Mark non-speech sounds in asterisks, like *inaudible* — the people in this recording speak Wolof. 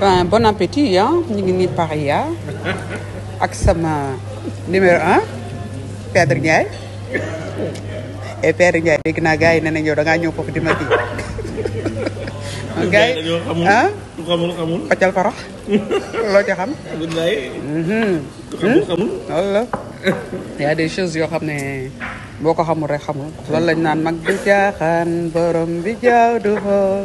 ben bon appétit ah ñu ngi nii Paris ah ak numéro 1, Père Ndiaye et Père Ndiaye dégg naa gars yi nee nañ yow da ngaa ñëw foofu di ma kii. *laughs* gars yi ah lu xamul xamul. pàccal farax *laughs* loo mhm. xamul hmm? y a des choses yoo xam ne. boo ko xamul rek xamul loolu lañ naan mag bi jaaxaan borom bi jaaw du xool